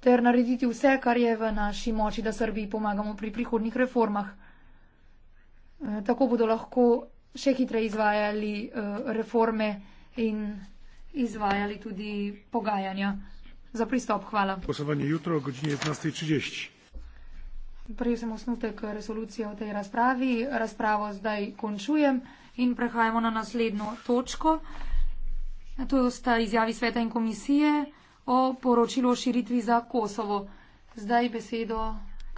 ter narediti vse, kar je v naši moči, da Srbiji pomagamo pri prihodnih reformah. Eh, tako bodo lahko še hitreje izvajali eh, reforme in izvajali tudi pogajanja. Za pristop, hvala. Posavanje jutro, godine 15.30. Prej sem osnutek resolucije o tej razpravi. Razpravo zdaj končujem in prehajamo na naslednjo točko. To sta izjavi sveta in komisije o poročilu o širitvi za Kosovo. Zdaj besedo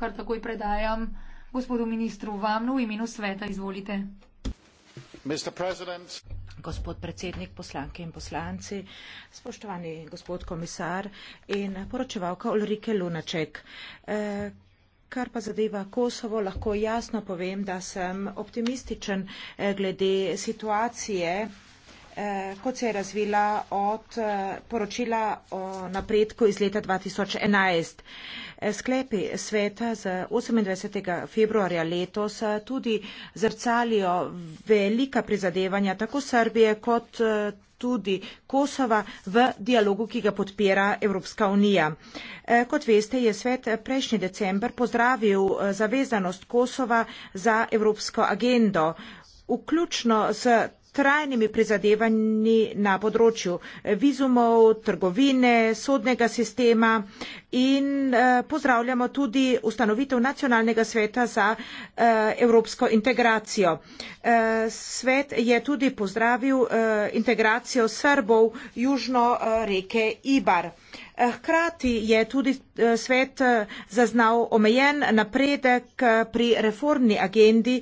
kar takoj predajam gospodu ministru Vamnu v imenu sveta. Izvolite. Gospod predsednik, poslanke in poslanci, spoštovani gospod komisar in poročevalka Ulrike Lunaček. E, eh, kar pa zadeva Kosovo, lahko jasno povem, da sem optimističen eh, glede situacije Eh, kot se je razvila od eh, poročila o napredku iz leta 2011. Eh, sklepi sveta z 28. februarja letos tudi zrcalijo velika prizadevanja tako Srbije kot tudi Kosova v dialogu, ki ga podpira Evropska unija. Kot veste, je svet prejšnji december pozdravil zavezanost Kosova za evropsko agendo, vključno z trajnimi prizadevanji na področju vizumov, trgovine, sodnega sistema in eh, pozdravljamo tudi ustanovitev nacionalnega sveta za eh, evropsko integracijo. Eh, svet je tudi pozdravil integracijo Srbov južno reke Ibar. Hkrati je tudi eh, svet eh, zaznal omejen napredek eh, pri reformni agendi,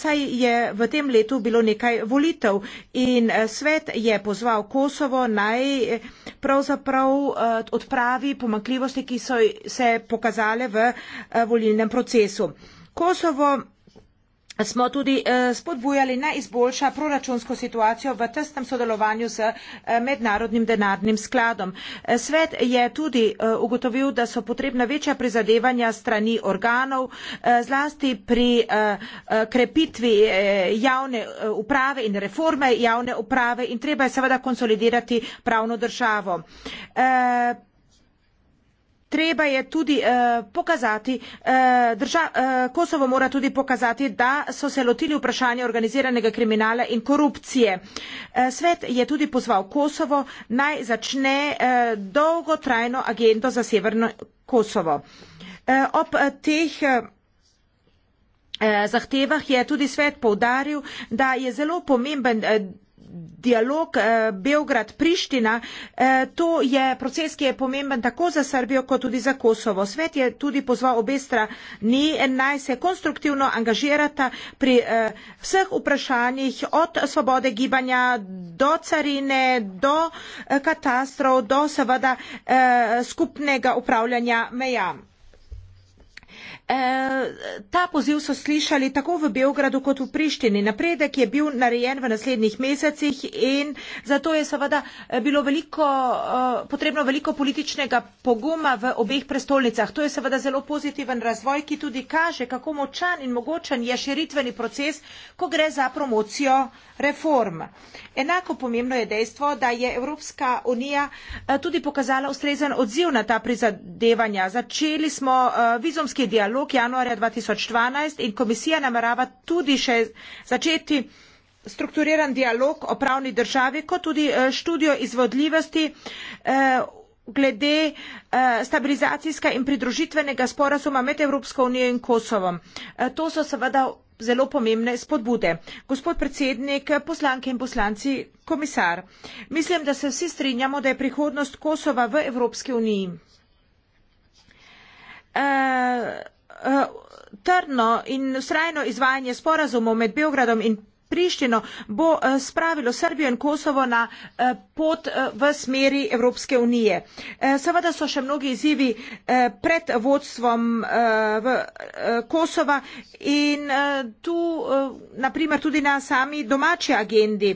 saj je v tem letu bilo nekaj volitev in svet je pozval Kosovo naj pravzaprav odpravi pomakljivosti, ki so se pokazale v volilnem procesu. Kosovo smo tudi eh, spodbujali na izboljša proračunsko situacijo v testnem sodelovanju s eh, mednarodnim denarnim skladom. Eh, svet je tudi ugotovil, da so potrebna večja prizadevanja strani organov, zlasti pri krepitvi javne uprave in reforme javne uprave in treba je seveda konsolidirati pravno državo treba je tudi eh, pokazati, eh, drža, eh, Kosovo mora tudi pokazati, da so se lotili vprašanja organiziranega kriminala in korupcije. Eh, svet je tudi pozval Kosovo naj začne eh, dolgotrajno agendo za severno Kosovo. Eh, ob eh, teh eh, eh zahtevah je tudi svet povdaril, da je zelo pomemben. Eh, dialog eh, Beograd-Priština. Eh, to je proces, ki je pomemben tako za Srbijo, kot tudi za Kosovo. Svet je tudi pozval obe strani naj se konstruktivno angažirata pri eh, vseh vprašanjih od svobode gibanja do carine, do katastrov, do seveda skupnega upravljanja mejam. Eh, ta poziv so slišali tako v Beogradu kot v Prištini. Napredek je bil narejen v naslednjih mesecih in zato je seveda eh, bilo veliko, eh, potrebno veliko političnega poguma v obeh prestolnicah. To je seveda zelo pozitiven razvoj, ki tudi kaže, kako močan in mogočen je širitveni proces, ko gre za promocijo reform. Enako pomembno je dejstvo, da je Evropska unija tudi pokazala ustrezen odziv na ta prizadevanja. Začeli smo vizumski dialog rok januarja 2012 in komisija namerava tudi še začeti strukturiran dialog o pravni državi, kot tudi eh, študijo izvodljivosti eh, glede eh, stabilizacijska in pridružitvenega sporazuma med Evropsko unijo in Kosovom. To so seveda zelo pomembne spodbude. Gospod predsednik, poslanke in poslanci, komisar, mislim, da se vsi strinjamo, da je prihodnost Kosova v Evropski uniji. Eh, trdno in vztrajno izvajanje sporazumov med Beogradom in Prištino, bo eh, spravilo Srbijo in Kosovo na eh, pot eh, v smeri Evropske unije. Seveda so še mnogi izzivi pred vodstvom Kosova in tu, naprimer, tudi na sami domači agendi.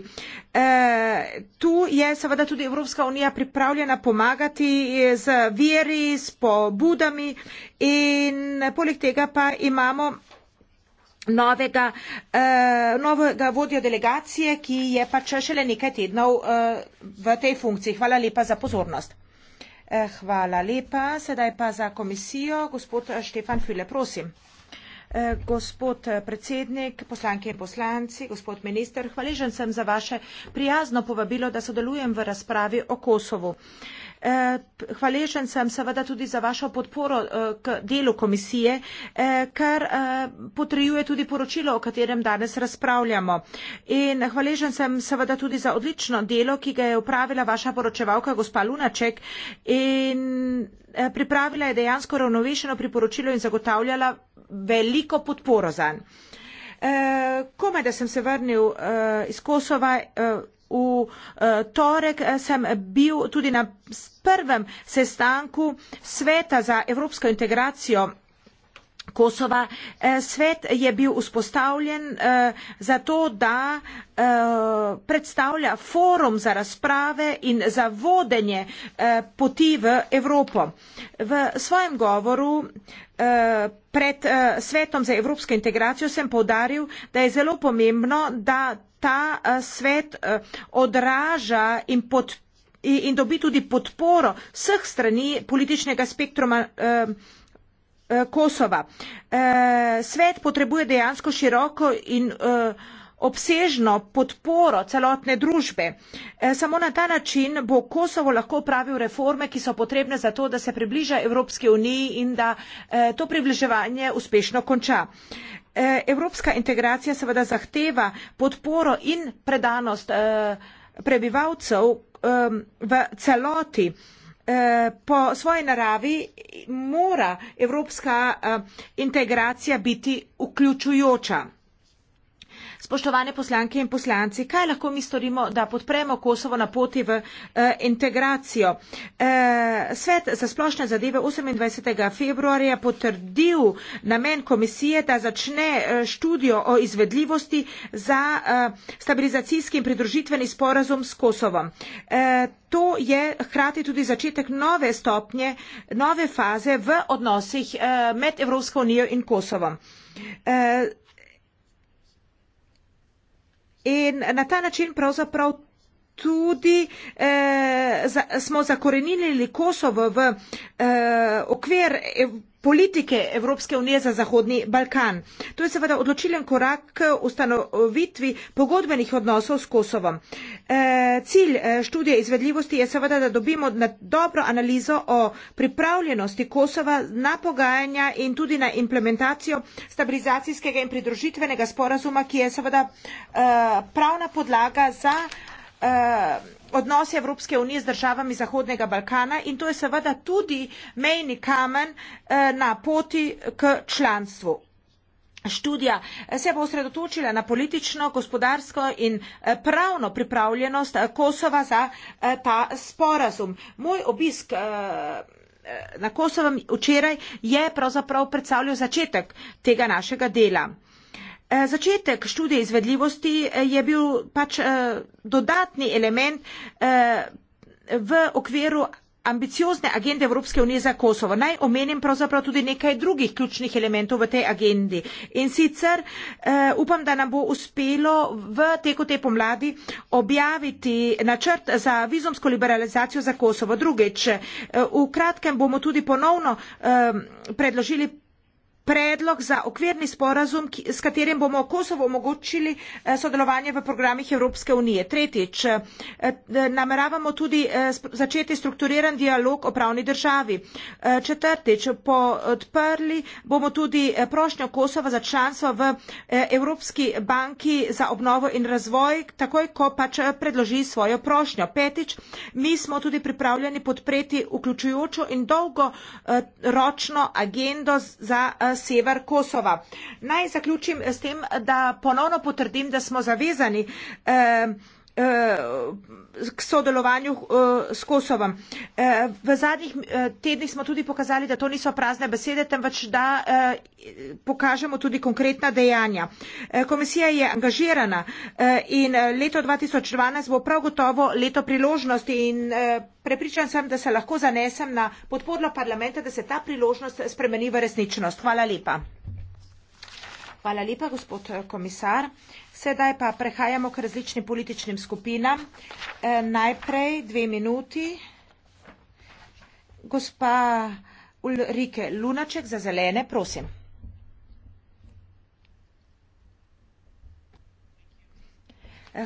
Tu je seveda tudi Evropska unija pripravljena pomagati z veri, s pobudami in poleg tega pa imamo novega, uh, novega vodjo delegacije, ki je pač šele nekaj tednov uh, v tej funkciji. Hvala lepa za pozornost. Uh, hvala lepa. Sedaj pa za komisijo, gospod Štefan File, prosim. Gospod predsednik, poslanke in poslanci, gospod minister, hvaležen sem za vaše prijazno povabilo, da sodelujem v razpravi o Kosovu. Uh, Eh, hvaležen sem seveda tudi za vašo podporo eh, k delu komisije, eh, kar potrjuje tudi poročilo, o katerem danes razpravljamo. In hvaležen sem seveda tudi za odlično delo, ki ga je upravila vaša poročevalka, gospa Lunaček. In pripravila je dejansko ravnovešeno priporočilo in zagotavljala veliko podporo zanj. Komaj, da sem se vrnil iz Kosova, v eh, torek eh, sem bil tudi na prvem sestanku Sveta za evropsko integracijo Kosova. Eh, svet je bil vzpostavljen zato, da predstavlja forum za razprave in za vodenje poti v Evropo. V svojem govoru pred Svetom za evropsko integracijo sem povdaril, da je zelo pomembno, da ta eh, svet eh, odraža in podpira in dobi tudi podporo vseh strani političnega spektruma eh, eh, Kosova. Eh, svet potrebuje dejansko široko in eh, obsežno podporo celotne družbe. Eh, samo na ta način bo Kosovo lahko pravil reforme, ki so potrebne za to, da se približa Evropske unije in da eh, to približevanje uspešno konča. Eh, evropska integracija seveda zahteva podporo in predanost eh, prebivalcev ehm, v celoti. Eh, po svoji naravi mora evropska integracija biti vključujoča. Spoštovane poslanke in poslanci, kaj lahko mi storimo, da podpremo Kosovo na poti v eh, integracijo? Eh, svet za splošne zadeve 28. februarja potrdil namen komisije, da začne eh, študijo o izvedljivosti za eh, stabilizacijski in pridružitveni sporazum s Kosovom. Eh, To je hkrati tudi začetek nove stopnje, nove faze v odnosih eh, med Evropsko unijo in Kosovom. Eh, In na ta način pravzaprav tudi eh, za, smo zakorenili Kosovo v eh, okvir ev, politike Evropske unije za Zahodni Balkan. To je seveda odločilen korak k ustanovitvi pogodbenih odnosov s Kosovom. Eh, cilj eh, študije izvedljivosti je seveda, da dobimo na dobro analizo o pripravljenosti Kosova na pogajanja in tudi na implementacijo stabilizacijskega in pridružitvenega sporazuma, ki je seveda eh, pravna podlaga za Eh, odnose Evropske unije z državami Zahodnega Balkana in to je seveda tudi mejni kamen eh, na poti k članstvu. Študija eh, se bo osredotočila na politično, gospodarsko in pravno pripravljenost Kosova za ta sporazum. Moj obisk na Kosovem včeraj je pravzaprav predstavljal začetek tega našega dela. Eh, začetek študije izvedljivosti eh, je bil pač eh, dodatni element v okviru ambiciozne agende Evropske unije za Kosovo. Naj omenim pravzaprav tudi nekaj drugih ključnih elementov v tej agendi. In sicer uh, upam, da nam bo uspelo v teku te pomladi objaviti načrt za vizumsko liberalizacijo za Kosovo. Drugič, uh, v kratkem bomo tudi ponovno uh, predložili predlog za okvirni sporazum, ki, s katerim bomo Kosovo omogočili eh, sodelovanje v programih Evropske unije. Tretjič, eh, eh, nameravamo tudi eh, sp začeti strukturiran dialog o pravni državi. Eh, četrtič, podprli bomo tudi eh, prošnjo Kosova za članstvo v eh, Evropski banki za obnovo in razvoj, takoj ko pač eh, predloži svojo prošnjo. Petič, mi smo tudi pripravljeni podpreti vključujočo in dolgoročno eh, agendo za eh, sever Kosova. Naj zaključim s tem, da ponovno potrdim, da smo zavezani eh, k sodelovanju eh, s Kosovom. Eh, v zadnjih eh, tednih smo tudi pokazali, da to niso prazne besede, temveč da pokažemo tudi konkretna dejanja. Komisija je angažirana in leto 2012 bo prav gotovo leto priložnosti in prepričan sem, da se lahko zanesem na podporno parlamenta, da se ta priložnost spremeni v resničnost. Hvala lepa. Hvala lepa, gospod komisar. Sedaj pa prehajamo k različnim političnim skupinam. E, najprej dve minuti. Gospa Ulrike Lunaček za zelene, prosim.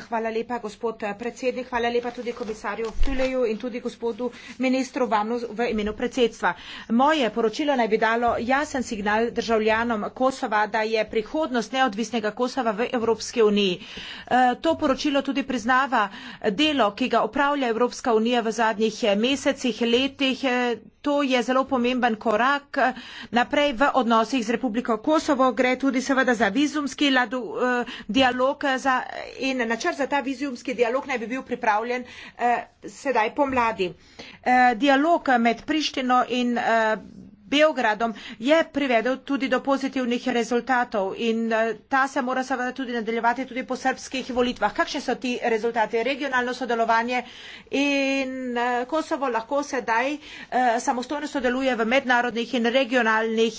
Hvala lepa, gospod eh, predsednik. Hvala lepa tudi komisarju Füleju in tudi gospodu ministru vam v imenu predsedstva. Moje poročilo naj bi dalo jasen signal državljanom Kosova, da je prihodnost neodvisnega Kosova v Evropski uniji. Eh, to poročilo tudi priznava delo, ki ga upravlja Evropska unija v zadnjih eh, mesecih, letih to je zelo pomemben korak eh, naprej v odnosih z Republiko Kosovo. Gre tudi seveda za vizumski ladu, eh, dialog eh, za, in načrt za ta vizumski dialog naj bi bil pripravljen eh, sedaj pomladi. Eh, dialog med Prištino in eh, Beogradom je privedel tudi do pozitivnih rezultatov in eh, ta se mora seveda tudi nadaljevati tudi po srpskih volitvah. Kakšne so ti rezultati? Regionalno sodelovanje in eh, Kosovo lahko sedaj eh, samostojno sodeluje v mednarodnih in regionalnih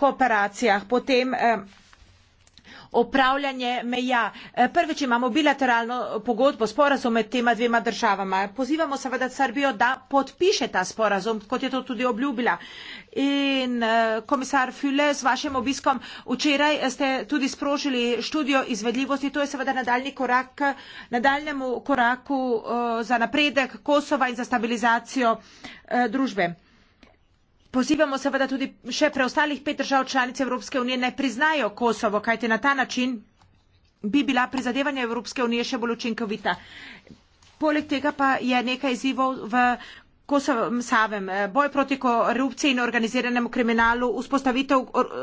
kooperacijah. Potem upravljanje meja. Eh, prvič imamo bilateralno pogodbo, sporazum med tema dvema državama. Pozivamo seveda Srbijo, da podpiše ta sporazum, kot je to tudi obljubila. In eh, komisar Füle, z vašim obiskom včeraj ste tudi sprožili študijo izvedljivosti. To je seveda nadaljni korak, nadaljnemu koraku eh, za napredek Kosova in za stabilizacijo družbe. Pozivamo seveda tudi še preostalih pet držav članic Evropske unije naj priznajo Kosovo, kajte na ta način bi bila prizadevanja Evropske unije še bolj učinkovita. Poleg tega pa je nekaj izzivov v Kosovem savem. Boj proti korupciji in organiziranemu kriminalu, vzpostavitev eh,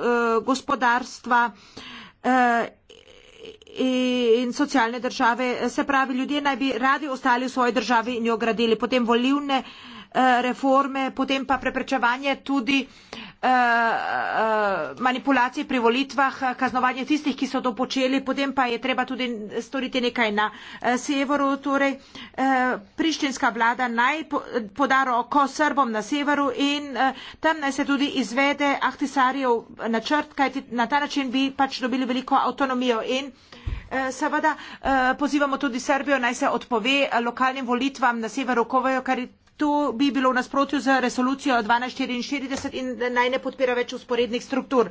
gospodarstva eh, in socialne države. Se pravi, ljudje naj bi radi ostali v svoji državi in jo gradili. Potem volivne Eh, reforme, potem pa preprečevanje tudi eh, eh, manipulacij pri volitvah, kaznovanje tistih, ki so to počeli, potem pa je treba tudi storiti nekaj na severu. Torej, prištinska vlada naj poda roko Srbom na severu in tam naj se tudi izvede Ahtisarjev načrt, kajti na ta način bi pač dobili veliko avtonomijo. In seveda pozivamo tudi Srbijo, naj se odpove lokalnim volitvam na severu Kovajo, kar To bi bilo v nasprotju z resolucijo 1244 in naj ne podpira več usporednih struktur.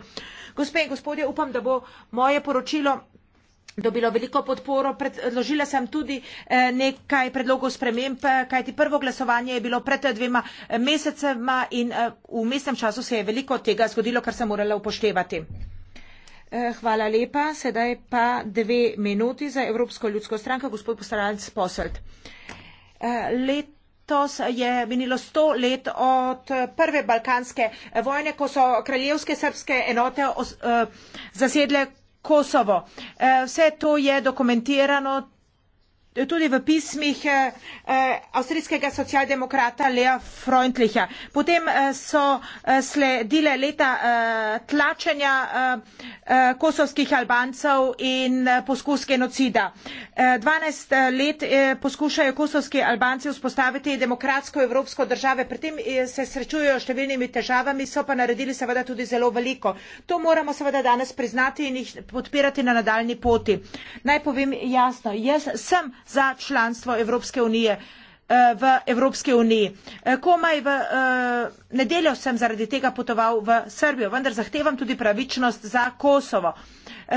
Gospe in gospodje, upam, da bo moje poročilo dobilo veliko podporo. Predložila sem tudi eh, nekaj predlogov sprememb, kajti prvo glasovanje je bilo pred eh, dvema eh, mesecema in v mestnem času se je veliko tega zgodilo, kar sem morala upoštevati. Hvala lepa. Sedaj pa dve minuti za Evropsko ljudsko stranko, gospod poslanec Posvet. Leto letos je minilo sto let od prve balkanske vojne, ko so kraljevske srpske enote eh, zasedle Kosovo. Eh, vse to je dokumentirano tudi v pismih eh, eh, avstrijskega socialdemokrata Lea Freundlicha. Potem eh, so sledile leta tlačenja kosovskih Albancev in poskus genocida. 12 let poskušajo kosovski Albanci vzpostaviti demokratsko evropsko državo, pri tem se srečujejo številnimi težavami, so pa naredili seveda tudi zelo veliko. To moramo seveda danes priznati in jih podpirati na nadaljni poti. Naj povem jasno, jaz sem za članstvo Evropske unije eh, v Evropski uniji. Eh, komaj v eh, nedeljo sem zaradi tega potoval v Srbijo, vendar zahtevam tudi pravičnost za Kosovo.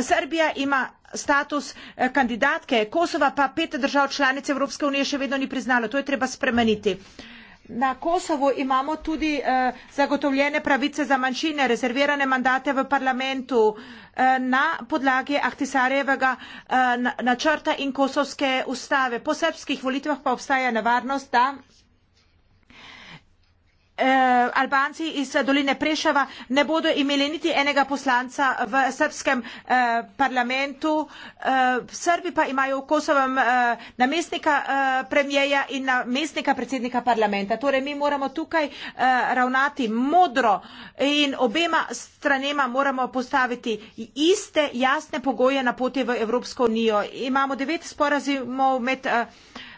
Srbija ima status kandidatke, Kosova pa pet držav članic Evropske unije še vedno ni priznalo. To je treba spremeniti na Kosovo imamo tudi uh, zagotovljene pravice za manjšine, rezervirane mandate v parlamentu eh, na podlagi Ahtisarjevega eh, načrta in kosovske ustave. Po srpskih volitvah pa obstaja nevarnost, da eh, Albanci iz doline Prešava ne bodo imeli niti enega poslanca v srpskem eh, parlamentu. Eh, Srbi pa imajo v Kosovem eh, namestnika eh, premijeja in namestnika predsednika parlamenta. Torej mi moramo tukaj eh, ravnati modro in obema stranema moramo postaviti iste jasne pogoje na poti v Evropsko unijo. Imamo devet sporazimov med eh,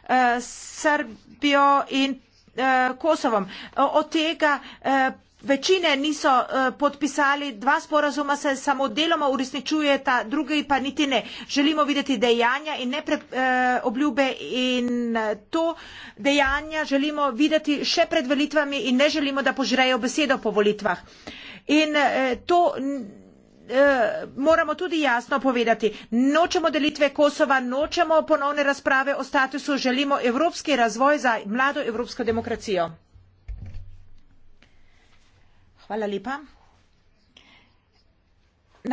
eh, Srbijo in eh, Kosovom. Od tega eh, večine niso eh, podpisali, dva sporazuma se samo deloma uresničujeta, drugi pa niti ne. Želimo videti dejanja in ne pre, eh, obljube in eh, to dejanja želimo videti še pred volitvami in ne želimo, da požrejo besedo po volitvah. In eh, to. Eh, moramo tudi jasno povedati, nočemo delitve Kosova, nočemo ponovne razprave o statusu, želimo evropski razvoj za mlado evropsko demokracijo. Hvala lepa.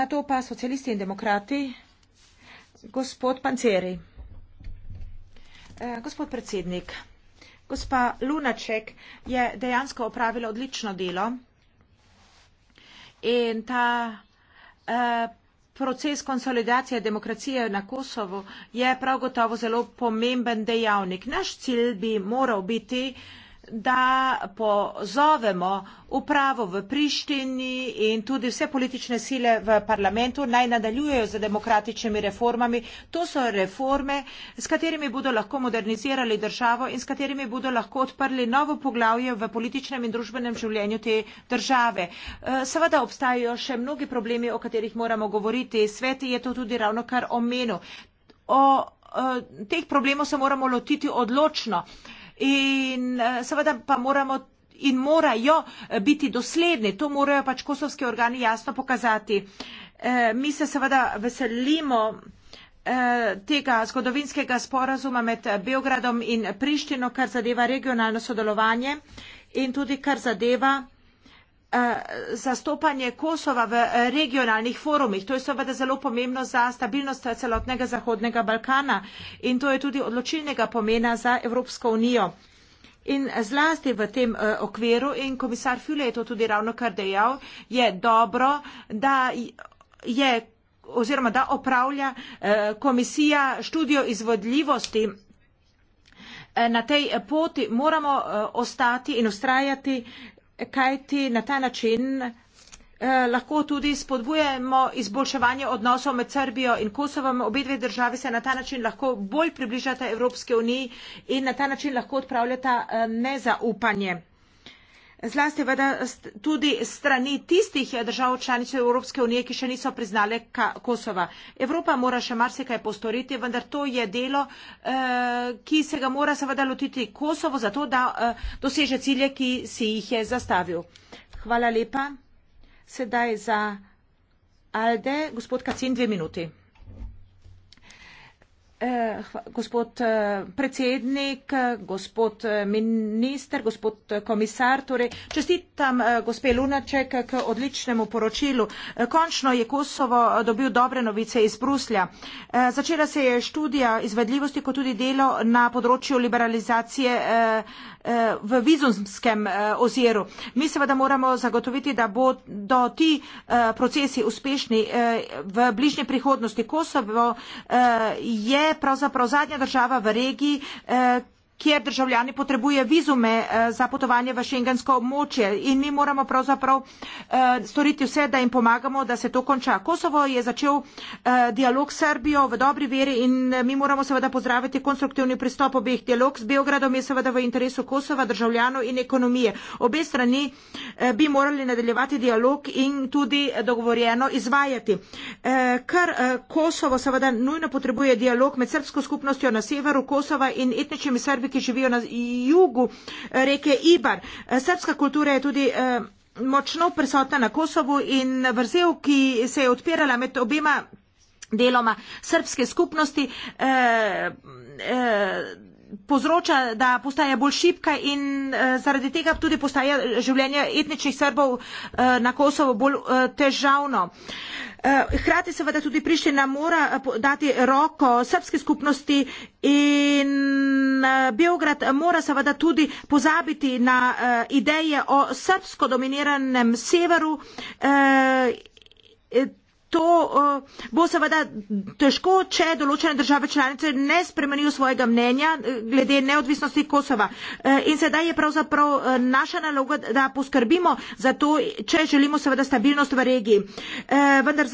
Na to pa socialisti in demokrati, gospod Panceri. Eh, gospod predsednik, gospa Lunaček je dejansko opravila odlično delo in ta Eh, proces konsolidacije demokracije na Kosovu je prav gotovo zelo pomemben dejavnik. Naš cilj bi moral biti, da pozovemo upravo v Prištini in tudi vse politične sile v parlamentu naj nadaljujejo z demokratičnimi reformami. To so reforme, s katerimi bodo lahko modernizirali državo in s katerimi bodo lahko odprli novo poglavje v političnem in družbenem življenju te države. Eh, seveda obstajajo še mnogi problemi, o katerih moramo govoriti. Svet je to tudi ravno kar omenil. O, o eh, teh problemov se moramo lotiti odločno. In eh, seveda pa moramo in morajo eh, biti dosledni, to morajo pač kosovski organi jasno pokazati. Eh, mi se seveda veselimo tega zgodovinskega sporazuma med Beogradom in Prištino, kar zadeva regionalno sodelovanje in tudi kar zadeva Eh, zastopanje Kosova v regionalnih forumih. To je seveda zelo pomembno za stabilnost celotnega Zahodnega Balkana in to je tudi odločilnega pomena za Evropsko unijo. In zlasti v tem eh, okviru, in komisar Füle je to tudi ravno kar dejal, je dobro, da je oziroma da opravlja eh, komisija študijo izvodljivosti na tej poti. Moramo ostati in ustrajati kajti na ta način eh, lahko tudi spodbujamo izboljševanje odnosov med Srbijo in Kosovom. Obe dve državi se na ta način lahko bolj približata Evropske unije in na ta način lahko odpravljata eh, nezaupanje zlasti veda, tudi strani tistih držav članic Evropske unije, ki še niso priznale Kosova. Evropa mora še marsikaj postoriti, vendar to je delo, eh, ki se ga mora seveda lotiti Kosovo, zato da eh, doseže cilje, ki si jih je zastavil. Hvala lepa. Sedaj za Alde, gospod Kacin, dve minuti. Eh, gospod eh, predsednik, gospod eh, minister, gospod eh, komisar, torej čestitam eh, gospe Lunaček k odličnemu poročilu. Eh, končno je Kosovo eh, dobil dobre novice iz Bruslja. Eh, začela se je študija izvedljivosti kot tudi delo na področju liberalizacije eh, Eh, v vizumskem eh, oziru. Mi seveda moramo zagotoviti, da bodo ti eh, procesi uspešni v bližnji prihodnosti. Kosovo je pravzaprav zadnja država v regiji, kjer državljani potrebuje vizume eh, za potovanje v šengensko območje in mi moramo pravzaprav eh, storiti vse, da jim pomagamo, da se to konča. Kosovo je začel eh, dialog s Srbijo v dobri veri in mi moramo seveda pozdraviti konstruktivni pristop obeh. Dialog s Beogradom je seveda v interesu Kosova, državljanov in ekonomije. Obe strani bi morali nadaljevati dialog in tudi dogovorjeno izvajati. Ker Kosovo seveda nujno potrebuje dialog med srpsko skupnostjo na severu Kosova in etničnimi Srbi, ki živijo na jugu eh, reke Ibar. Eh, Srpska kultura je tudi eh, močno prisotna na Kosovu in vrzel, ki se je odpirala med obema deloma srpske skupnosti, povzroča, da postaja bolj šipka in zaradi tega tudi postaja življenje etničnih Srbov na Kosovo bolj težavno. Hrati seveda tudi prišli nam mora dati roko srpske skupnosti in Eh, Beograd mora seveda tudi pozabiti na eh, ideje o srbsko dominiranem severu. Eh, to eh, bo seveda težko, če določene države članice ne spremenijo svojega mnenja eh, glede neodvisnosti Kosova. Eh, in sedaj je pravzaprav naša naloga, da poskrbimo za to, če želimo seveda stabilnost v regiji. Vendar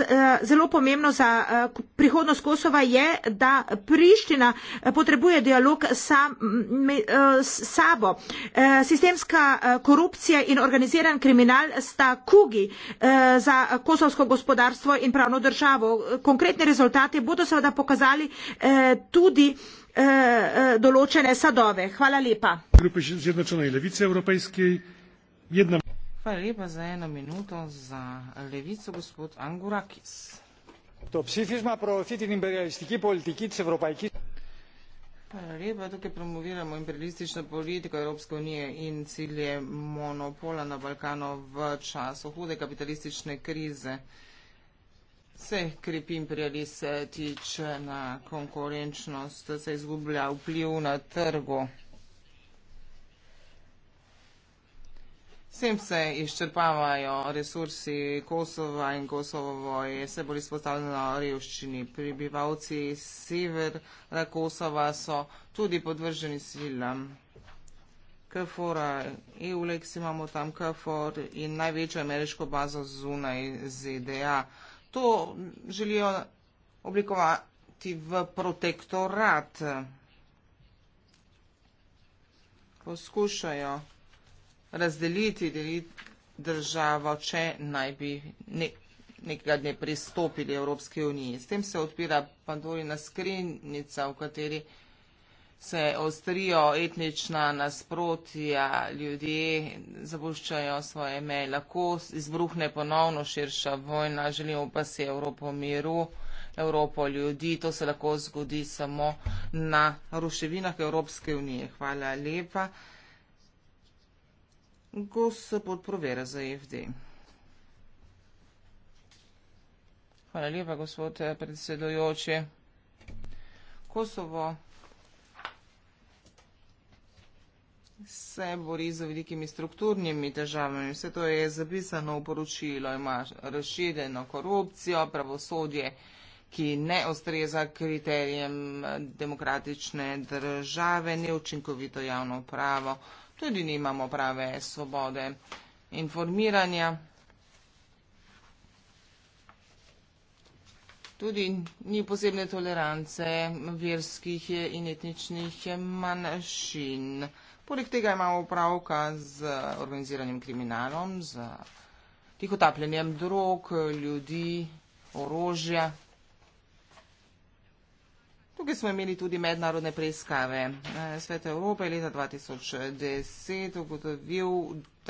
zelo pomembno za prihodnost Kosova je, da Priština potrebuje dialog sam, s sabo. Sistemska korupcija in organiziran kriminal sta kugi za kosovsko gospodarstvo in pravno državo. Konkretne rezultate bodo seveda pokazali eh, tudi eh, eh določene sadove. Hvala lepa. Hvala lepa za eno minuto za levico, gospod Angurakis. To psifizma profitin imperialistiki politiki cevropajki. Hvala lepa, tukaj promoviramo imperialistično politiko Evropske unije in cilje monopola na Balkano v času hude kapitalistične krize se krepi imperialist, tiče na konkurenčnost, se izgublja vpliv na trgu. S tem se izčrpavajo resursi Kosova in Kosovo je vse bolj izpostavljeno revščini. Pribivalci severa Kosova so tudi podvrženi silam. KFOR-a, EU-lex imamo tam KFOR in največjo ameriško bazo zunaj ZDA. To želijo oblikovati v protektorat. Poskušajo razdeliti državo, če naj bi ne, nekega dne pristopili Evropske unije. S tem se odpira pandorina skrinjica, v kateri se ostrijo etnična nasprotja, ljudje zapuščajo svoje meje, lahko izbruhne ponovno širša vojna, želimo pa si Evropo miru, Evropo ljudi, to se lahko zgodi samo na ruševinah Evropske unije. Hvala lepa. Gospod Provera za FD. Hvala lepa, gospod eh, predsedujoči. Kosovo. se bori z velikimi strukturnimi težavami. Vse to je zapisano v poročilo. Ima razširjeno korupcijo, pravosodje, ki ne ustreza kriterijem demokratične države, neučinkovito javno pravo. Tudi nimamo prave svobode informiranja. Tudi ni posebne tolerance verskih in etničnih manjšin. Poleg tega imamo upravka z organiziranim kriminalom, z tihotapljenjem drog, ljudi, orožja. Tukaj smo imeli tudi mednarodne preiskave. Svet Evrope je leta 2010 ugotovil,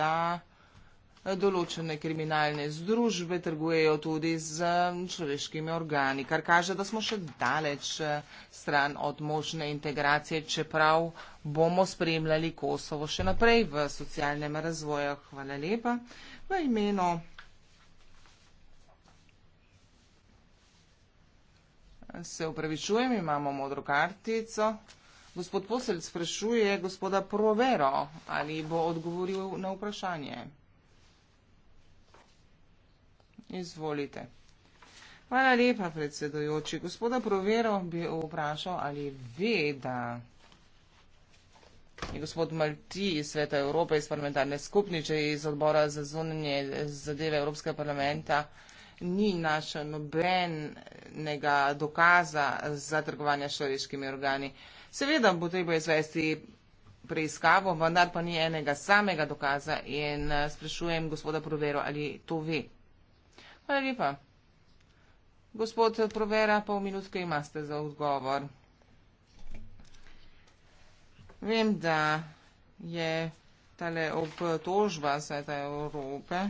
da določene kriminalne združbe trgujejo tudi z človeškimi organi, kar kaže, da smo še daleč eh, stran od možne integracije, čeprav bomo spremljali Kosovo še naprej v socialnem razvoju. Hvala lepa. V imenu se upravičujem, imamo modro kartico. Gospod Poselj sprašuje gospoda Provero, ali bo odgovoril na vprašanje. Izvolite. Hvala lepa, predsedojoči. Gospoda Provero bi vprašal, ali ve, da je gospod Malti iz Sveta Evrope, iz parlamentarne skupniče, iz odbora za zunanje zadeve Evropskega parlamenta, ni našel nobenega dokaza za trgovanje šoriškimi organi. Seveda bo treba izvesti preiskavo, vendar pa ni enega samega dokaza in sprašujem gospoda Provero, ali to ve. Hvala lepa. Gospod Provera, pol minutke imate za odgovor. Vem, da je tale obtožba Sveta Evrope.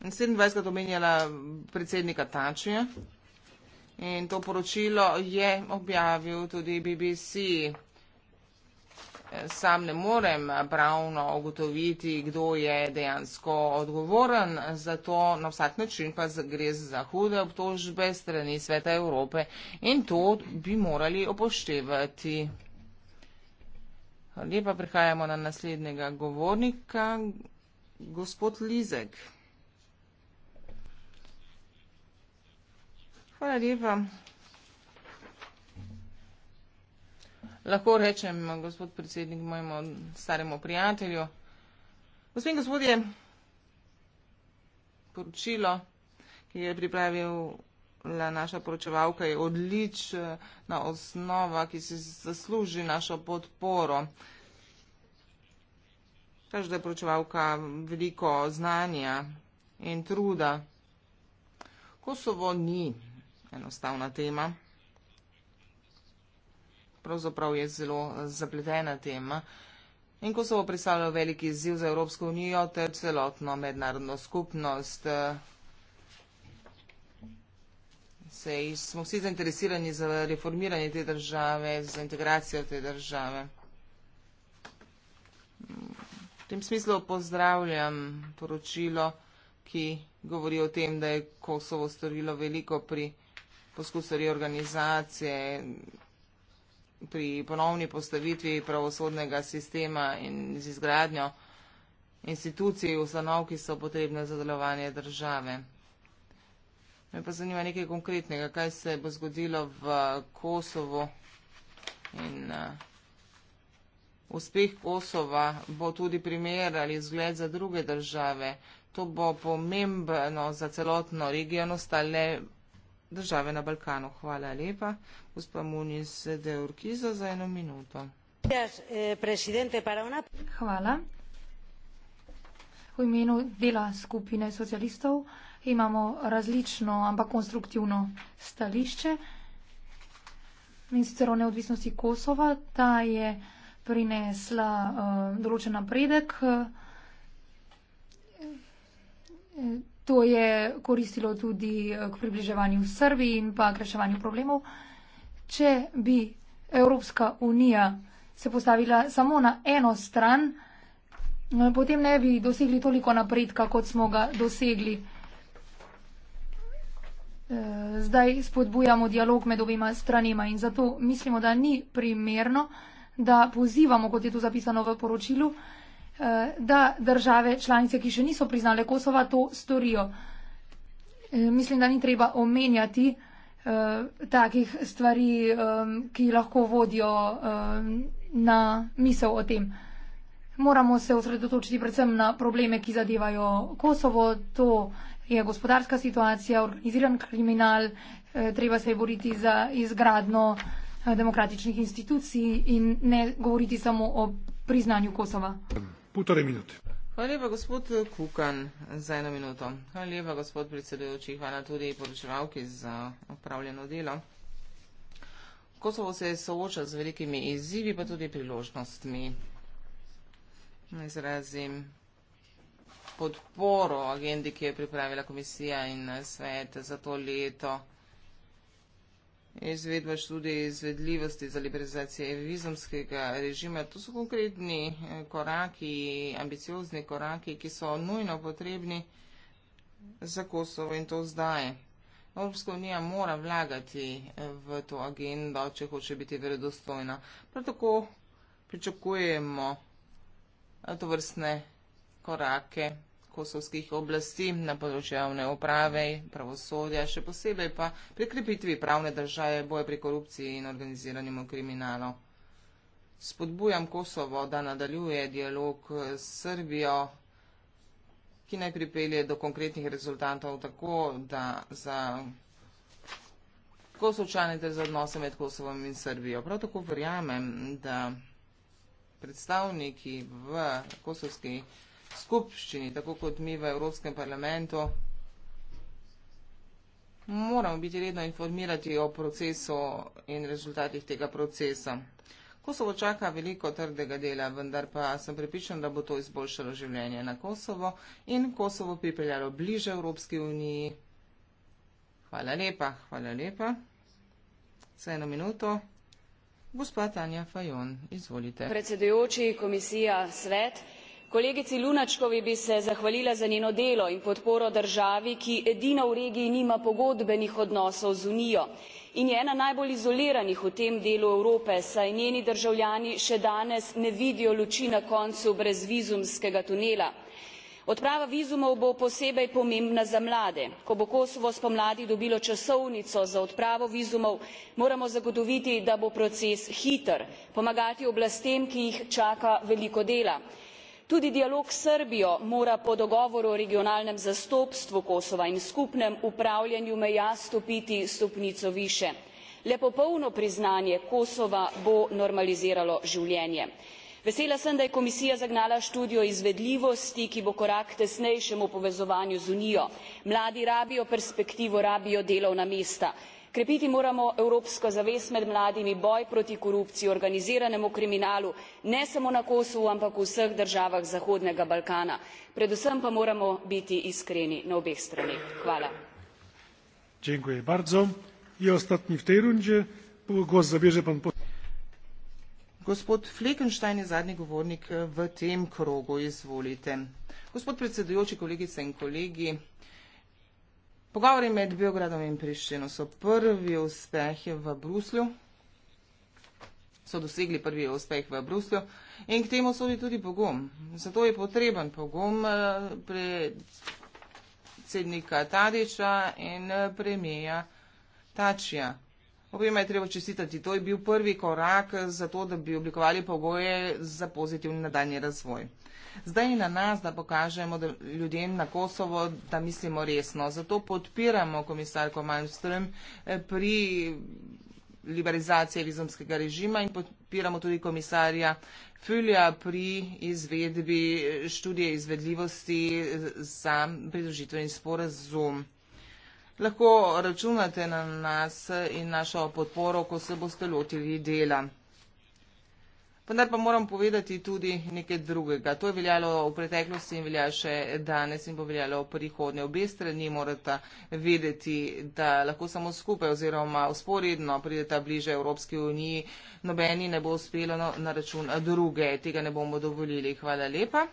27. omenjala predsednika Tačija in to poročilo je objavil tudi BBC sam ne morem pravno ugotoviti, kdo je dejansko odgovoren za to, na vsak način pa gre za hude obtožbe strani Sveta Evrope in to bi morali opoštevati. Lepa prihajamo na naslednjega govornika, gospod Lizek. Hvala lepa. lahko rečem, gospod predsednik, mojemu staremu prijatelju. Gospod in gospodje, poročilo, ki je pripravila naša poročevalka, je odlična osnova, ki si zasluži našo podporo. Kaže, da je poročevalka veliko znanja in truda. Kosovo ni enostavna tema pravzaprav je zelo eh, zapletena tema. In ko se bo predstavljal veliki izziv za Evropsko unijo ter celotno mednarodno skupnost, eh, se smo vsi zainteresirani za reformiranje te države, za integracijo te države. V tem smislu pozdravljam poročilo, ki govori o tem, da je Kosovo storilo veliko pri poskusu reorganizacije pri ponovni postavitvi pravosodnega sistema in z izgradnjo institucij, ustanov, ki so potrebne za delovanje države. Me pa zanima nekaj konkretnega, kaj se bo zgodilo v Kosovo in uh, uspeh Kosova bo tudi primer ali zgled za druge države. To bo pomembno za celotno regijo, ostale no, države na Balkanu. Hvala lepa. Gospa Muniz de Urkiza za eno minuto. Eh, Hvala. V imenu dela skupine socialistov imamo različno, ampak konstruktivno stališče. In sicer o neodvisnosti Kosova, ta je prinesla uh, določen napredek. Uh, to je koristilo tudi eh, k približevanju Srbiji in pa k reševanju problemov. Če bi Evropska unija se postavila samo na eno stran, eh, potem ne bi dosegli toliko napredka, kot smo ga dosegli. Eh, zdaj spodbujamo dialog med obima stranima in zato mislimo, da ni primerno, da pozivamo, kot je tu zapisano v poročilu, Eh, da države članice, ki še niso priznale Kosova, to storijo. Eh, mislim, da ni treba omenjati eh, takih stvari, ki lahko vodijo na misel o tem. Moramo se osredotočiti predvsem na probleme, ki zadevajo Kosovo. To je gospodarska situacija, organiziran kriminal, treba se je boriti za izgradno demokratičnih institucij in ne govoriti samo o priznanju Kosova polutore minute. Hvala lepa, gospod Kukan, za eno minuto. Hvala lepa, gospod predsedujoči. Hvala tudi poročevalki za opravljeno delo. Kosovo se sooča z velikimi izzivi, pa tudi priložnostmi. Izrazim podporo agendi, ki je pripravila komisija in svet za to leto izvedba študije izvedljivosti za liberalizacijo vizumskega režima. To so konkretni eh, koraki, ambiciozni koraki, ki so nujno potrebni za Kosovo in to zdaj. Evropska unija mora vlagati eh, v to agendo, če hoče biti verodostojna. Prav tako pričakujemo eh, to vrstne korake kosovskih oblasti na področju javne uprave, pravosodja, še posebej pa pri krepitvi pravne države, boje pri korupciji in organiziranemu kriminalu. Spodbujam Kosovo, da nadaljuje dialog s Srbijo, ki naj pripelje do konkretnih rezultatov tako, da za Kosovčane ter za odnose med Kosovom in Srbijo. Prav tako verjamem, da predstavniki v kosovskih skupščini, tako kot mi v Evropskem parlamentu, moramo biti redno informirati o procesu in rezultatih tega procesa. Kosovo čaka veliko trdega dela, vendar pa sem pripričan, da bo to izboljšalo življenje na Kosovo in Kosovo pripeljalo bliže Evropski uniji. Hvala lepa, hvala lepa. Vse eno minuto. Gospa Tanja Fajon, izvolite. Predsedujoči komisija Svet kolegici lunacekovi bi se zahvalila za njeno delo in podporo državi ki edina v regiji nima pogodbenih odnosov z unijo in je ena najbolj izoliranih v tem delu evrope saj njeni državljani še danes ne vidijo luči na koncu brezvizumskega tunela. odprava vizumov bo posebej pomembna za mlade. ko bo kosovo spomladi dobilo časovnico za odpravo vizumov moramo zagotoviti da bo proces hiter pomagati oblastem ki jih čaka veliko dela tudi dialog s srbijo mora po dogovoru o regionalnem zastopstvu kosova in skupnem upravljanju meja stopiti stopnico više. le popolno priznanje kosova bo normaliziralo življenje. vesela sem da je komisija zagnala študijo izvedljivosti ki bo korak k tesnejšemu povezovanju z unijo. mladi rabijo perspektivo rabijo delovna mesta krepiti moramo evropsko zavest med mladimi boj proti korupciji organiziranemu kriminalu ne samo na kosovu ampak v vseh državah zahodnega balkana predvsem pa moramo biti iskreni na obeh straneh. gospod fleckenstein je zadnji govornik e, v tem krogu izvolite. gospod predsedujoči kolegice in kolegi Pogovori med Beogradom in Prištino so prvi uspeh v Bruslju. So dosegli prvi uspeh v Bruslju in k temu sodi tudi pogum. Zato je potreben pogum eh, predsednika Tadiča in premijeja Tačija. Obima je treba čestitati. To je bil prvi korak za to, da bi oblikovali pogoje za pozitivni nadaljni razvoj. Zdaj je na nas, da pokažemo da ljudem na Kosovo, da mislimo resno. Zato podpiramo komisarko Malmström eh, pri liberalizaciji vizumskega režima in podpiramo tudi komisarja Fülja pri izvedbi eh, študije izvedljivosti eh, za pridružitveni sporazum. Lahko računate na nas in našo podporo, ko se boste lotili dela. Vendar pa moram povedati tudi nekaj drugega. To je veljalo v preteklosti in velja še danes in bo veljalo v prihodnje. Obe strani morata vedeti, da lahko samo skupaj oziroma usporedno prideta bliže Evropske unije. Nobeni ne bo uspelo na račun druge. Tega ne bomo dovolili. Hvala lepa.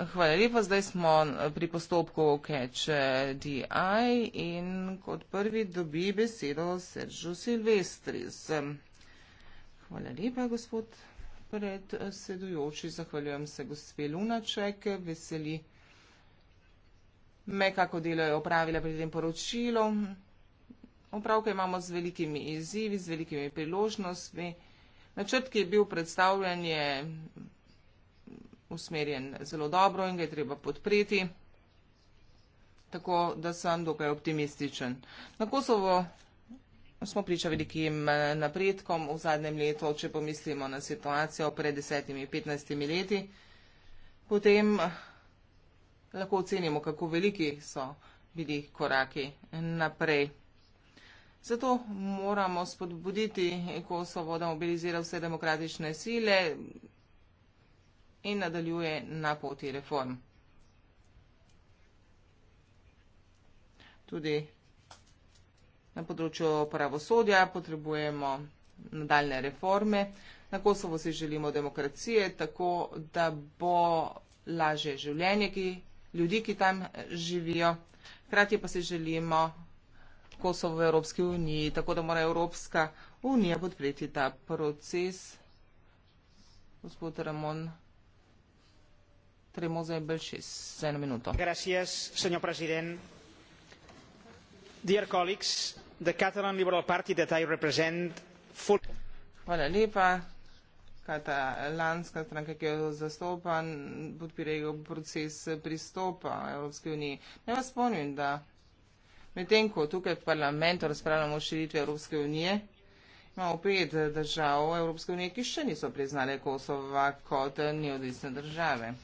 Hvala lepa. Zdaj smo pri postopku Catch DI in kot prvi dobi besedo Seržo Silvestris. Hvala lepa, gospod predsedujoči. Zahvaljujem se gospe Lunaček. Veseli me, kako delo je opravila pri tem poročilu. Opravka imamo z velikimi izzivi, z velikimi priložnostmi. Načrt, ki je bil predstavljen, je usmerjen zelo dobro in ga je treba podpreti. Tako da sem dokaj optimističen. Na Kosovo smo priča velikim eh, napredkom v zadnjem letu, če pomislimo na situacijo pred 10-15 leti. Potem eh, lahko ocenimo, kako veliki so bili koraki naprej. Zato moramo spodbuditi Kosovo, da mobilizira vse demokratične sile, in nadaljuje na poti reform. Tudi na področju pravosodja potrebujemo nadaljne reforme. Na Kosovo si želimo demokracije, tako da bo lažje življenje ki, ljudi, ki tam živijo. Hkrati pa si želimo Kosovo v Evropski uniji, tako da mora Evropska unija podpreti ta proces. Gospod Ramon. Tenemos el belchis en minuto. Gracias, señor presidente. Dear colleagues, the Catalan Liberal Party that I represent fully. Hvala lepa. Katalanska stranka, ki jo zastopa, podpirajo proces pristopa Evropske unije. Ne vas spomnim, da medtem, ko tukaj v parlamentu razpravljamo o širitvi Evropske unije, imamo pet držav Evropske unije, ki še niso priznali Kosova kot neodvisne države.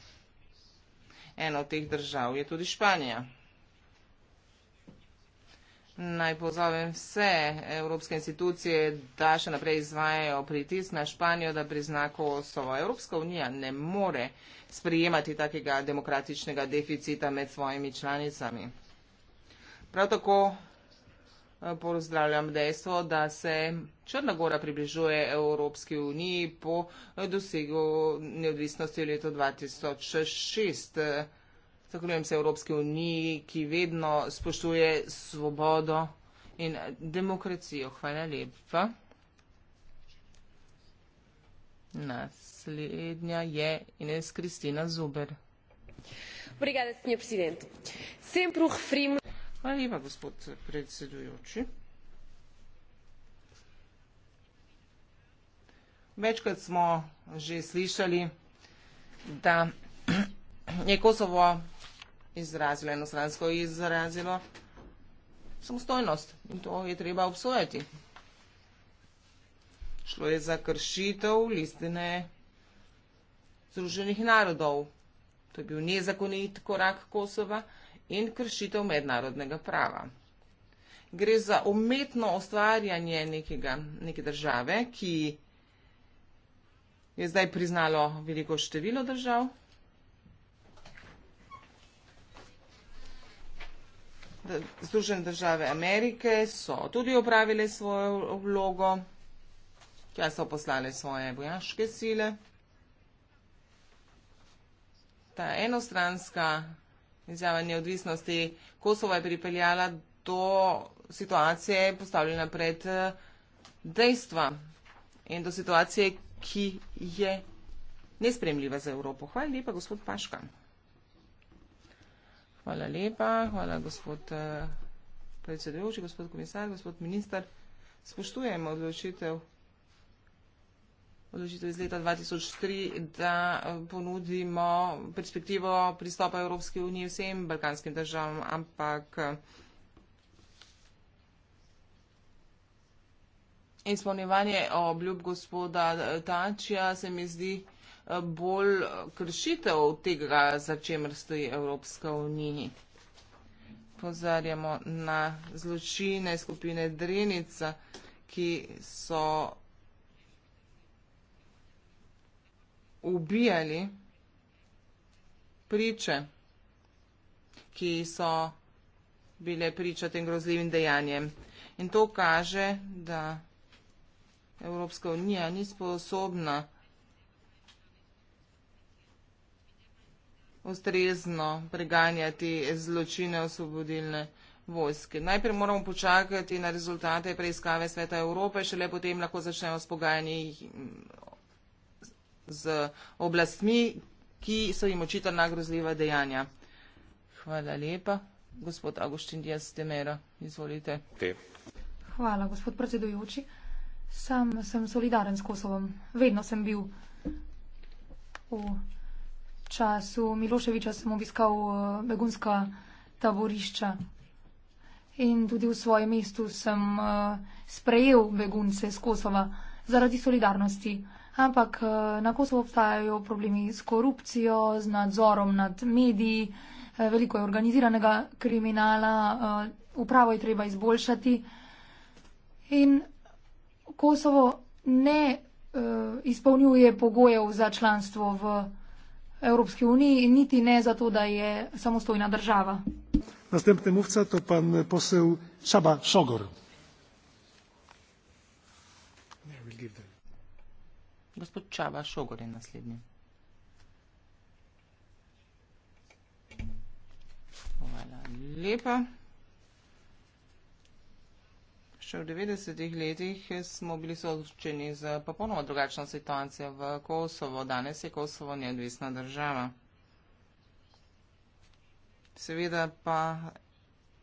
Ena od teh držav je tudi Španija. Naj pozovem vse evropske institucije, da še naprej izvajajo pritisk na Španijo, da prizna Kosovo. Evropska unija ne more sprijemati takega demokratičnega deficita med svojimi članicami. Prav tako Pozdravljam dejstvo, da se Črnagora približuje Evropski uniji po dosegu neodvisnosti v letu 2006. Zahvaljujem se Evropski uniji, ki vedno spoštuje svobodo in demokracijo. Hvala lepa. Naslednja je Ines Kristina Zuber. Obrigada, senhor presidente. Sempre o referimo Hvala lepa, gospod predsedujoči. Večkrat smo že slišali, da je Kosovo izrazilo, enostransko izrazilo samostojnost in to je treba obsojati. Šlo je za kršitev listine Združenih narodov. To je bil nezakonit korak Kosova in kršitev mednarodnega prava. Gre za umetno ustvarjanje nekega, neke države, ki je zdaj priznalo veliko število držav. Združene države Amerike so tudi opravile svojo vlogo, tja so poslale svoje vojaške sile. Ta enostranska izjava neodvisnosti Kosova je pripeljala do situacije postavljena pred eh, dejstva in do situacije, ki je nespremljiva za Evropo. Hvala lepa, gospod Paška. Hvala lepa, hvala gospod eh, predsedujoči, gospod komisar, gospod minister. Spoštujemo odločitev odločitev iz leta 2003, da eh, ponudimo perspektivo pristopa Evropske unije vsem balkanskim državam, ampak eh, izpolnjevanje obljub gospoda eh, Tačija se mi zdi bolj kršitev tega, za čemer stoji Evropska unija. Pozarjamo na zločine skupine Drenica, ki so ubijali priče, ki so bile priča tem grozljivim dejanjem. In to kaže, da Evropska unija ni sposobna ustrezno preganjati zločine osvobodilne vojske. Najprej moramo počakati na rezultate preiskave Sveta Evrope, šele potem lahko začnemo s pogajanji z oblastmi, ki so jim očitana grozljiva dejanja. Hvala lepa. Gospod Agoščin Dias Temera, izvolite. Te. Hvala, gospod predsedujoči. Sam sem solidaren s Kosovom. Vedno sem bil. V času Miloševiča sem obiskal eh, begunska taborišča. In tudi v svojem mestu sem eh, sprejel begunce z Kosova zaradi solidarnosti ampak eh, na Kosovo obstajajo problemi s korupcijo, z nadzorom nad mediji, eh, veliko je organiziranega kriminala, eh, upravo je treba izboljšati. In Kosovo ne izpolnjuje pogojev za članstvo v Evropski uniji, niti ne zato, da je samostojna država. Naslednji temovca to pa posel Šaba Šogor. Gospod Čava Šogor je naslednji. Hvala lepa. Še v 90-ih letih smo bili soočeni z popolnoma drugačno situacijo v Kosovo. Danes je Kosovo neodvisna država. Seveda pa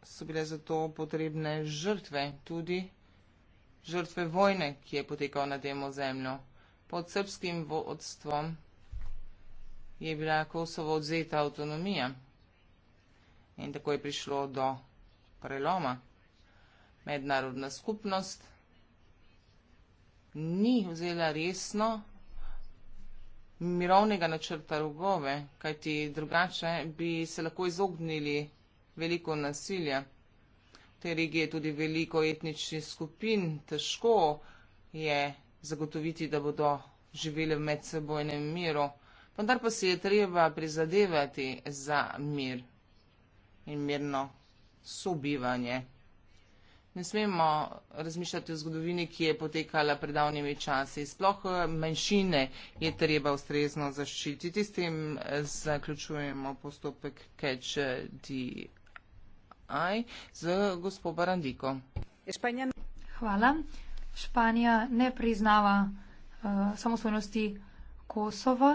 so bile za to potrebne žrtve, tudi žrtve vojne, ki je potekala na tem ozemlju pod srpskim vodstvom je bila Kosovo odzeta avtonomija in tako je prišlo do preloma. Mednarodna skupnost ni vzela resno mirovnega načrta rogove, kajti drugače bi se lahko izognili veliko nasilja. V tej regiji je tudi veliko etničnih skupin, težko je zagotoviti, da bodo živeli v medsebojnem miru, vendar pa si je treba prizadevati za mir in mirno sobivanje. Ne smemo razmišljati o zgodovini, ki je potekala pred davnimi časi. Sploh eh, manjšine je treba ustrezno zaščititi, s tem eh, zaključujemo postopek Catch the Eye z gospod Barandiko. Hvala. Španija ne priznava uh, eh, samosvojnosti Kosova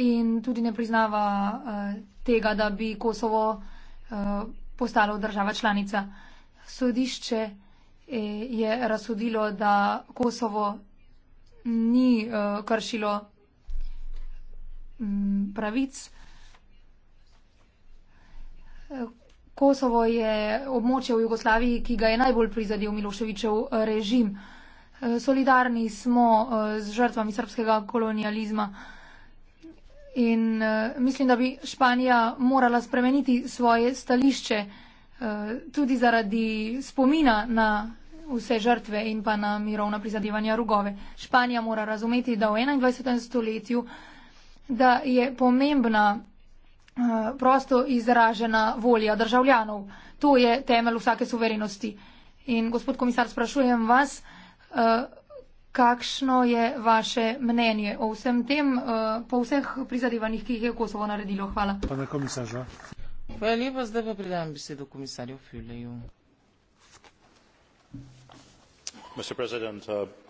in tudi ne priznava uh, tega, da bi Kosovo uh, postalo država članica. Sodišče je razsodilo, da Kosovo ni uh, kršilo mm, pravic. Kosovo je območje v Jugoslaviji, ki ga je najbolj prizadel Miloševičev eh, režim. Eh, solidarni smo eh, z žrtvami srpskega kolonializma in mislim, da bi Španija morala spremeniti svoje stališče tudi zaradi spomina na vse žrtve in pa na mirovna prizadevanja rugove. Španija mora razumeti, da v 21. stoletju, da je pomembna Eh, prosto izražena volja državljanov. To je temelj vsake suverenosti. In gospod komisar, sprašujem vas, eh, kakšno je vaše mnenje o vsem tem, eh, po vseh prizadevanjih, ki jih je Kosovo naredilo? Hvala. Hvala, komisar. Hvala lepa, zdaj pa predajam besedo komisarju Füleju. Uh,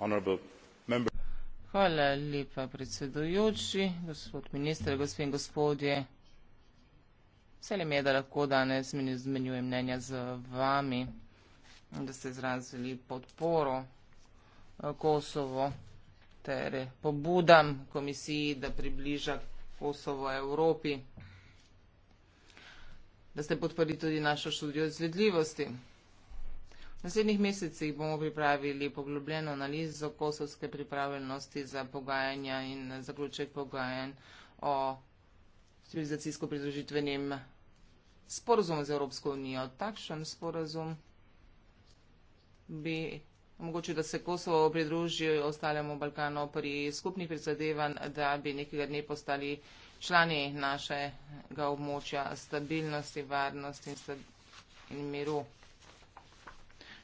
Hvala lepa, predsedujoči, gospod minister, gospod in gospodje. Vse mi je, da lahko danes izmenjujem mnenja z vami, da ste izrazili podporo eh, Kosovo ter pobudam komisiji, da približa Kosovo Evropi, da ste podprli tudi našo študijo izvedljivosti. V naslednjih mesecih bomo pripravili poglobljeno analizo kosovske pripravljenosti za pogajanja in zaključek pogajanj o Kosovo civilizacijsko-pridružitvenim sporozumom z Evropsko unijo. Takšen sporozum bi omogočil, da se Kosovo pridruži ostalemu Balkanu pri skupnih prizadevanj, da bi nekega dne postali člani našega območja stabilnosti, varnosti in miru.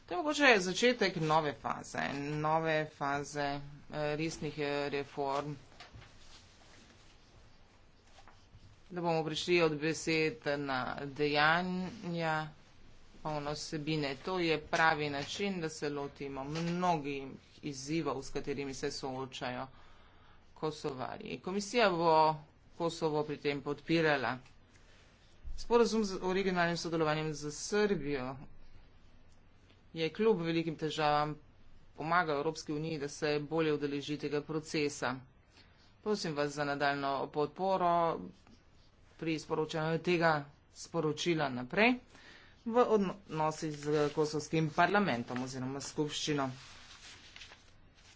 To je mogoče začetek nove faze, nove faze eh, resnih eh, reform. da bomo prišli od besed na dejanja, pa na osebine. To je pravi način, da se lotimo mnogih izzivov, s katerimi se soočajo Kosovari. Komisija bo Kosovo pri tem podpirala. Sporazum z originalnim sodelovanjem z Srbijo je kljub velikim težavam pomaga Evropski uniji, da se bolje udeleži tega procesa. Prosim vas za nadaljno podporo pri sporočanju tega sporočila naprej v odnosi z kosovskim parlamentom oziroma skupščino.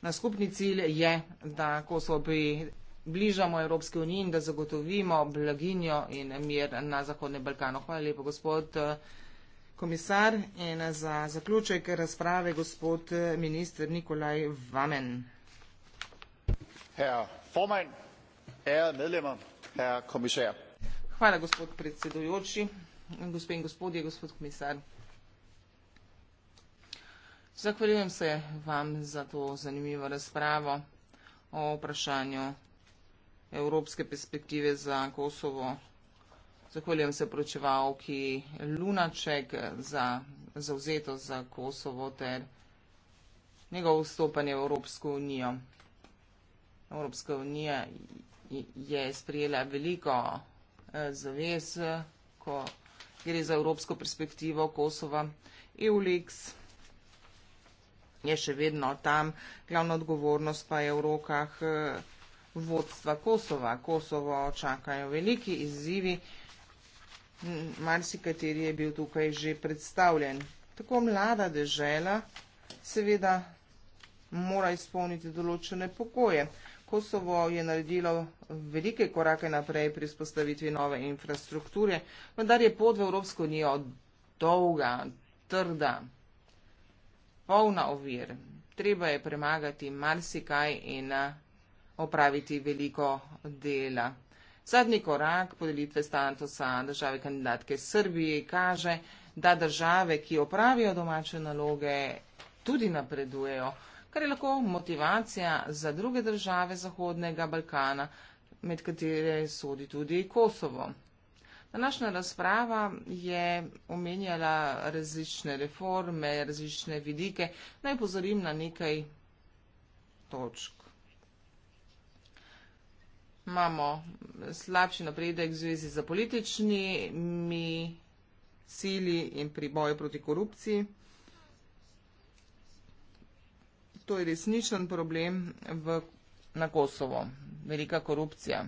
Na skupni cilj je, da Kosovo približamo Evropske unije in da zagotovimo blaginjo in mir na Zahodnem Balkanu. Hvala lepo, gospod eh, komisar. In eh, za zaključek razprave, gospod eh, minister Nikolaj Vamen. Herr Formann, herr Medlemmer, herr Komisar. Hvala, gospod predsedujoči, gospe in gospodje, gospod komisar. Zahvaljujem se vam za to zanimivo razpravo o vprašanju evropske perspektive za Kosovo. Zahvaljujem se pročevalki Lunaček za zauzeto za Kosovo ter njegovo vstopanje v Evropsko unijo. Evropska unija je sprijela veliko zavez, ko gre za evropsko perspektivo Kosova. EULIX je še vedno tam, glavna odgovornost pa je v rokah eh, vodstva Kosova. Kosovo čakajo veliki izzivi, marsikateri je bil tukaj že predstavljen. Tako mlada dežela seveda mora izpolniti določene pokoje. Kosovo je naredilo velike korake naprej pri spostavitvi nove infrastrukture, vendar je pot v Evropsko unijo dolga, trda, polna ovir. Treba je premagati marsikaj in eh, opraviti veliko dela. Zadnji korak podelitve statusa države kandidatke Srbiji kaže, da države, ki opravijo domače naloge, tudi napredujejo kar je lahko motivacija za druge države Zahodnega Balkana, med katere sodi tudi Kosovo. Današnja razprava je omenjala različne reforme, različne vidike. Naj pozorim na nekaj točk. Imamo slabši napredek v zvezi za politični, mi sili in pri boju proti korupciji. to je resničen problem v, na Kosovo. Velika korupcija.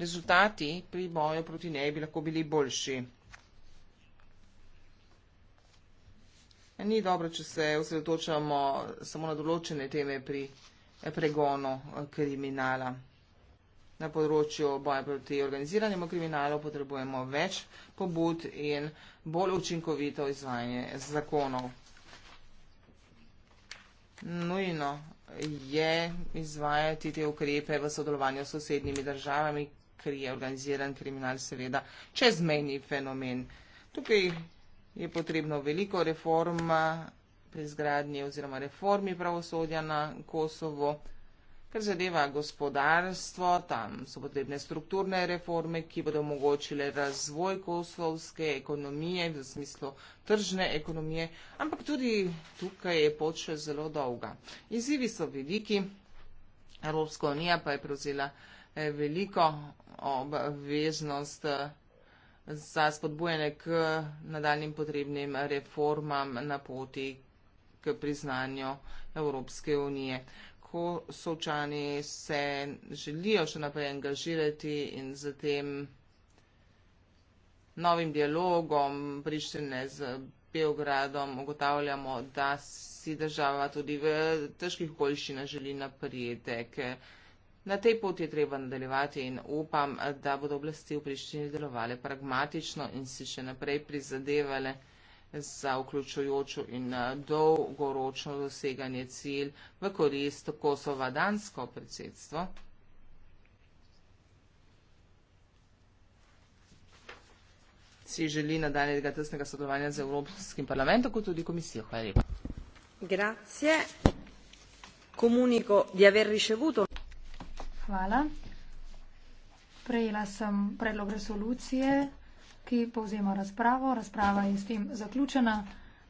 Rezultati pri boju proti njej bi lahko bili boljši. Ni dobro, če se osredotočamo samo na določene teme pri pregonu kriminala. Na področju boja proti organiziranemu kriminalu potrebujemo več pobud in bolj učinkovito izvajanje zakonov nujno je izvajati te ukrepe v sodelovanju s sosednjimi državami, ker je organiziran kriminal seveda čezmejni fenomen. Tukaj je potrebno veliko reforma pri zgradnji oziroma reformi pravosodja na Kosovo. Kar zadeva gospodarstvo, tam so potrebne strukturne reforme, ki bodo omogočile razvoj kosovske ekonomije v smislu tržne ekonomije, ampak tudi tukaj je pot še zelo dolga. Izzivi so veliki, Evropska unija pa je prevzela eh, veliko obveznost eh, za spodbujanje k nadaljnim potrebnim reformam na poti k priznanju Evropske unije kako so učani se želijo še naprej angažirati in z tem novim dialogom Prištine z Beogradom ugotavljamo, da si država tudi v težkih okoliščinah želi napredek. Na tej poti je treba nadaljevati in upam, da bodo oblasti v Prištini delovali pragmatično in si še naprej prizadevali za vključujočo in eh, dolgoročno doseganje cilj v korist Kosova dansko predsedstvo. Si želi nadaljega tesnega sodelovanja z Evropskim parlamentom, kot tudi komisijo. Hvala lepa. Grazie. Komuniko di aver ricevuto. Hvala. Prejela sem predlog resolucije ki povzema razpravo. Razprava je s tem zaključena.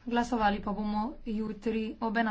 Glasovali pa bomo jutri ob 11.